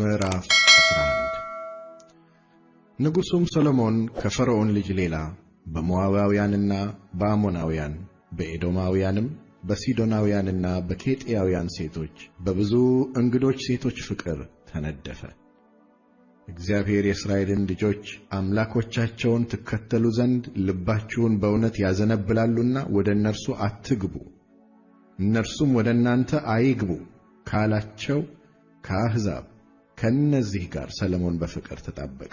ምዕራፍ 11 ንጉሡም ሰሎሞን ከፈርዖን ልጅ ሌላ በሞዓባውያንና በአሞናውያን በኤዶማውያንም በሲዶናውያንና በኬጢያውያን ሴቶች በብዙ እንግዶች ሴቶች ፍቅር ተነደፈ። እግዚአብሔር የእስራኤልን ልጆች አምላኮቻቸውን ትከተሉ ዘንድ ልባችሁን በእውነት ያዘነብላሉና ወደ እነርሱ አትግቡ፣ እነርሱም ወደ እናንተ አይግቡ ካላቸው ከአሕዛብ ከነዚህ ጋር ሰለሞን በፍቅር ተጣበቀ።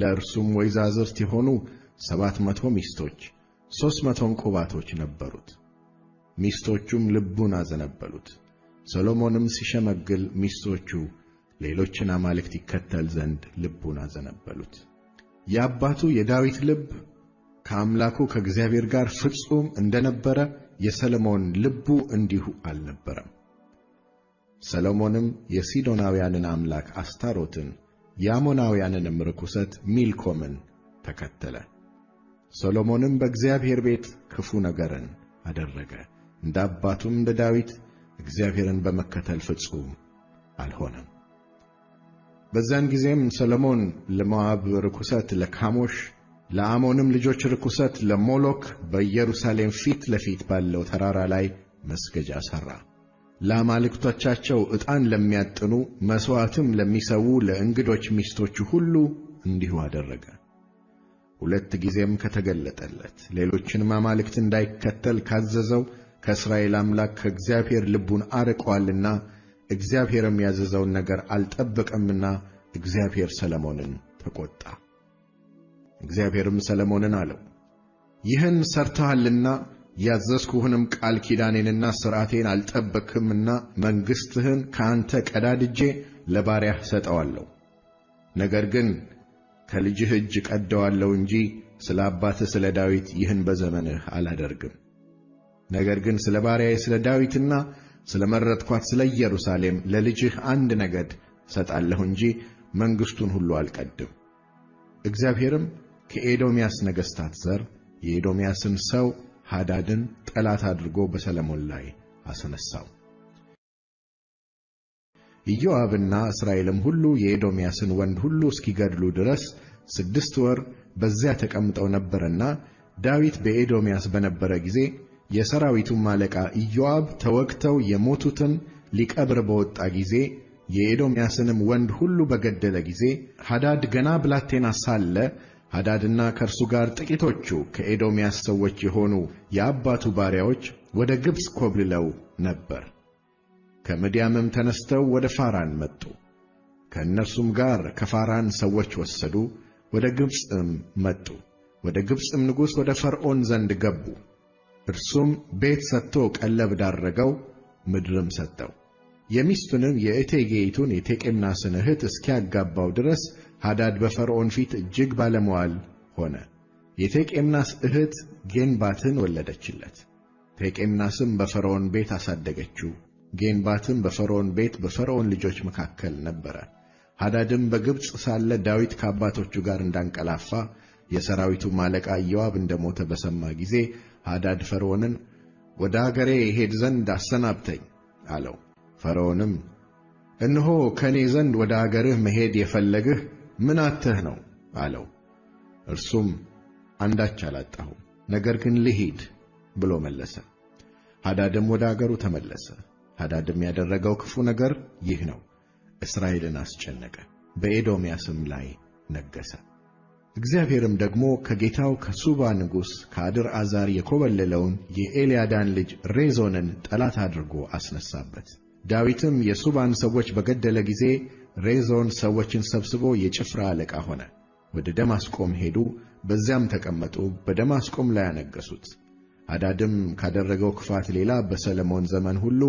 ለእርሱም ወይዛዝርት የሆኑ ሰባት መቶ ሚስቶች ሦስት መቶም ቁባቶች ነበሩት። ሚስቶቹም ልቡን አዘነበሉት። ሰሎሞንም ሲሸመግል ሚስቶቹ ሌሎችን አማልክት ይከተል ዘንድ ልቡን አዘነበሉት። የአባቱ የዳዊት ልብ ከአምላኩ ከእግዚአብሔር ጋር ፍጹም እንደነበረ የሰለሞን ልቡ እንዲሁ አልነበረም። ሰሎሞንም የሲዶናውያንን አምላክ አስታሮትን የአሞናውያንንም ርኵሰት ሚልኮምን ተከተለ። ሰሎሞንም በእግዚአብሔር ቤት ክፉ ነገርን አደረገ፣ እንደ አባቱም እንደ ዳዊት እግዚአብሔርን በመከተል ፍጹም አልሆነም። በዚያን ጊዜም ሰሎሞን ለሞዓብ ርኵሰት ለካሞሽ ለአሞንም ልጆች ርኵሰት ለሞሎክ በኢየሩሳሌም ፊት ለፊት ባለው ተራራ ላይ መስገጃ ሠራ። ለአማልክቶቻቸው ዕጣን ለሚያጥኑ መሥዋዕትም ለሚሰዉ ለእንግዶች ሚስቶቹ ሁሉ እንዲሁ አደረገ። ሁለት ጊዜም ከተገለጠለት ሌሎችንም አማልክት እንዳይከተል ካዘዘው ከእስራኤል አምላክ ከእግዚአብሔር ልቡን አርቀዋልና እግዚአብሔርም ያዘዘውን ነገር አልጠበቀምና እግዚአብሔር ሰለሞንን ተቈጣ። እግዚአብሔርም ሰለሞንን አለው፣ ይህን ሠርተሃልና ያዘዝኩህንም ቃል ኪዳኔንና ሥርዓቴን አልጠበቅህምና መንግሥትህን ከአንተ ቀዳድጄ ለባሪያህ ሰጠዋለሁ። ነገር ግን ከልጅህ እጅ ቀደዋለሁ እንጂ ስለ አባትህ ስለ ዳዊት ይህን በዘመንህ አላደርግም። ነገር ግን ስለ ባሪያዬ ስለ ዳዊትና ስለ መረጥኳት ስለ ኢየሩሳሌም ለልጅህ አንድ ነገድ ሰጣለሁ እንጂ መንግሥቱን ሁሉ አልቀድም። እግዚአብሔርም ከኤዶምያስ ነገሥታት ዘር የኤዶምያስን ሰው ሃዳድን ጠላት አድርጎ በሰለሞን ላይ አስነሳው። ኢዮአብና እስራኤልም ሁሉ የኤዶምያስን ወንድ ሁሉ እስኪገድሉ ድረስ ስድስት ወር በዚያ ተቀምጠው ነበርና ዳዊት በኤዶምያስ በነበረ ጊዜ የሰራዊቱም አለቃ ኢዮአብ ተወግተው የሞቱትን ሊቀብር በወጣ ጊዜ የኤዶምያስንም ወንድ ሁሉ በገደለ ጊዜ ሃዳድ ገና ብላቴና ሳለ ሃዳድና ከእርሱ ጋር ጥቂቶቹ ከኤዶምያስ ሰዎች የሆኑ የአባቱ ባሪያዎች ወደ ግብፅ ኰብልለው ነበር። ከምድያምም ተነሥተው ወደ ፋራን መጡ። ከእነርሱም ጋር ከፋራን ሰዎች ወሰዱ፣ ወደ ግብፅም መጡ። ወደ ግብፅም ንጉሥ ወደ ፈርዖን ዘንድ ገቡ። እርሱም ቤት ሰጥቶ ቀለብ ዳረገው፣ ምድርም ሰጠው። የሚስቱንም የእቴጌይቱን የቴቄምናስን እህት እስኪያጋባው ድረስ ሃዳድ በፈርዖን ፊት እጅግ ባለመዋል ሆነ። የቴቄምናስ እህት ጌንባትን ወለደችለት። ቴቄምናስም በፈርዖን ቤት አሳደገችው። ጌንባትም በፈርዖን ቤት በፈርዖን ልጆች መካከል ነበረ። ሃዳድም በግብፅ ሳለ ዳዊት ከአባቶቹ ጋር እንዳንቀላፋ የሰራዊቱ ማለቃ ኢዮአብ እንደ ሞተ በሰማ ጊዜ ሃዳድ ፈርዖንን ወደ አገሬ ሄድ ዘንድ አሰናብተኝ አለው። ፈርዖንም እነሆ ከእኔ ዘንድ ወደ አገርህ መሄድ የፈለግህ ምን አተህ ነው አለው። እርሱም አንዳች አላጣሁም፣ ነገር ግን ልሂድ ብሎ መለሰ። ሃዳድም ወደ አገሩ ተመለሰ። ሃዳድም ያደረገው ክፉ ነገር ይህ ነው። እስራኤልን አስጨነቀ፣ በኤዶምያስም ላይ ነገሠ። እግዚአብሔርም ደግሞ ከጌታው ከሱባ ንጉሥ ከአድር አዛር የኮበለለውን የኤልያዳን ልጅ ሬዞንን ጠላት አድርጎ አስነሳበት። ዳዊትም የሱባን ሰዎች በገደለ ጊዜ ሬዞን ሰዎችን ሰብስቦ የጭፍራ አለቃ ሆነ። ወደ ደማስቆም ሄዱ፣ በዚያም ተቀመጡ፣ በደማስቆም ላይ አነገሱት። አዳድም ካደረገው ክፋት ሌላ በሰለሞን ዘመን ሁሉ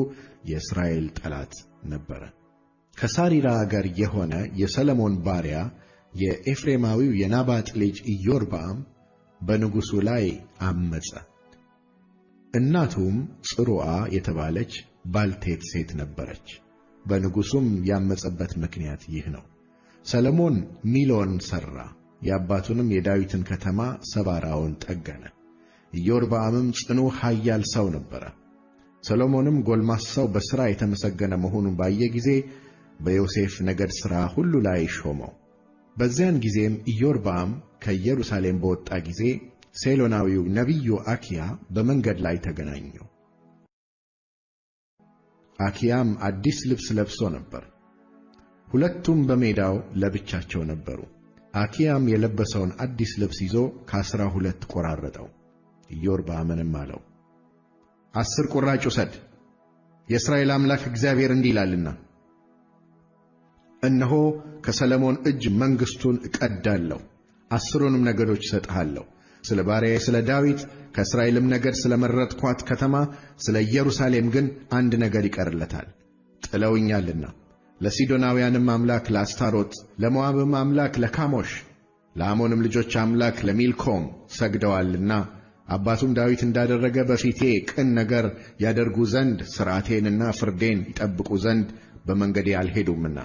የእስራኤል ጠላት ነበረ። ከሳሪራ አገር የሆነ የሰለሞን ባሪያ የኤፍሬማዊው የናባጥ ልጅ ኢዮርባም በንጉሡ ላይ አመጸ። እናቱም ጽሩዓ የተባለች ባልቴት ሴት ነበረች። በንጉሡም ያመፀበት ምክንያት ይህ ነው። ሰለሞን ሚሎን ሠራ፣ የአባቱንም የዳዊትን ከተማ ሰባራውን ጠገነ። ኢዮርብዓምም ጽኑ ኃያል ሰው ነበረ። ሰሎሞንም ጎልማሳው በሥራ የተመሰገነ መሆኑን ባየ ጊዜ በዮሴፍ ነገድ ሥራ ሁሉ ላይ ሾመው። በዚያን ጊዜም ኢዮርብዓም ከኢየሩሳሌም በወጣ ጊዜ ሴሎናዊው ነቢዩ አኪያ በመንገድ ላይ ተገናኘው። አኪያም አዲስ ልብስ ለብሶ ነበር። ሁለቱም በሜዳው ለብቻቸው ነበሩ። አኪያም የለበሰውን አዲስ ልብስ ይዞ ከአሥራ ሁለት ቆራረጠው። ኢዮርብዓምንም አለው፣ አሥር ቁራጭ ውሰድ፣ የእስራኤል አምላክ እግዚአብሔር እንዲህ ይላልና እነሆ ከሰለሞን እጅ መንግሥቱን እቀዳለሁ፣ አሥሩንም ነገዶች እሰጥሃለሁ ስለ ባሪያዬ ስለ ዳዊት ከእስራኤልም ነገድ ስለ መረጥኳት ከተማ ስለ ኢየሩሳሌም ግን አንድ ነገር ይቀርለታል፣ ጥለውኛልና ለሲዶናውያንም አምላክ ለአስታሮት፣ ለሞዓብም አምላክ ለካሞሽ፣ ለአሞንም ልጆች አምላክ ለሚልኮም ሰግደዋልና አባቱም ዳዊት እንዳደረገ በፊቴ ቅን ነገር ያደርጉ ዘንድ ሥርዓቴንና ፍርዴን ይጠብቁ ዘንድ በመንገዴ አልሄዱምና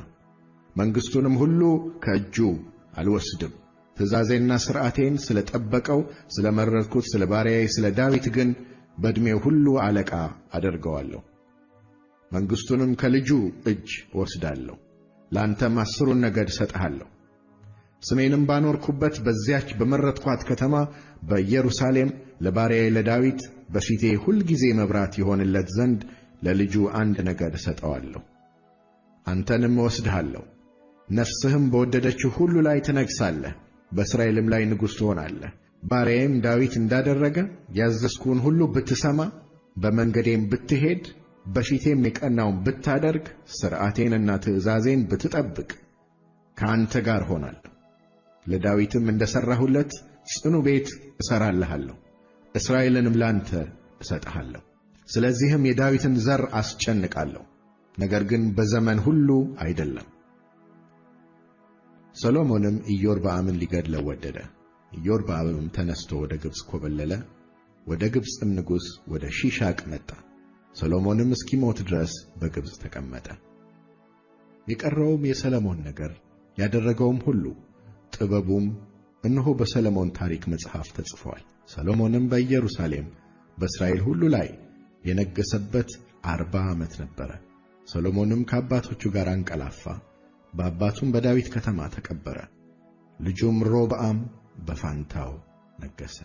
መንግሥቱንም ሁሉ ከእጁ አልወስድም። ትእዛዜና ሥርዓቴን ስለ ጠበቀው ስለ መረጥኩት ስለ ባሪያዬ ስለ ዳዊት ግን በዕድሜው ሁሉ አለቃ አደርገዋለሁ። መንግሥቱንም ከልጁ እጅ ወስዳለሁ። ለአንተም አሥሩን ነገድ እሰጥሃለሁ። ስሜንም ባኖርኩበት በዚያች በመረጥኳት ከተማ በኢየሩሳሌም ለባሪያዬ ለዳዊት በፊቴ ሁልጊዜ መብራት ይሆንለት ዘንድ ለልጁ አንድ ነገድ እሰጠዋለሁ። አንተንም እወስድሃለሁ፣ ነፍስህም በወደደችው ሁሉ ላይ ትነግሣለህ። በእስራኤልም ላይ ንጉሥ ትሆናለህ። ባሪያዬም ዳዊት እንዳደረገ ያዘዝኩህን ሁሉ ብትሰማ፣ በመንገዴም ብትሄድ፣ በፊቴም የቀናውን ብታደርግ፣ ሥርዓቴንና ትእዛዜን ብትጠብቅ ከአንተ ጋር ሆናለሁ። ለዳዊትም እንደ ሠራሁለት ጽኑ ቤት እሠራልሃለሁ፣ እስራኤልንም ላንተ እሰጥሃለሁ። ስለዚህም የዳዊትን ዘር አስጨንቃለሁ፣ ነገር ግን በዘመን ሁሉ አይደለም። ሰሎሞንም ኢዮርብዓምን ሊገድለው ወደደ። ኢዮርብዓምም ተነሥቶ ወደ ግብጽ ኮበለለ ወደ ግብጽም ንጉሥ ወደ ሺሻቅ መጣ። ሰሎሞንም እስኪሞት ድረስ በግብጽ ተቀመጠ። የቀረውም የሰለሞን ነገር ያደረገውም ሁሉ ጥበቡም እነሆ በሰለሞን ታሪክ መጽሐፍ ተጽፏል። ሰሎሞንም በኢየሩሳሌም በእስራኤል ሁሉ ላይ የነገሰበት አርባ ዓመት ነበረ። ሰሎሞንም ከአባቶቹ ጋር አንቀላፋ፣ በአባቱም በዳዊት ከተማ ተቀበረ። ልጁም ሮብዓም በፋንታው ነገሠ።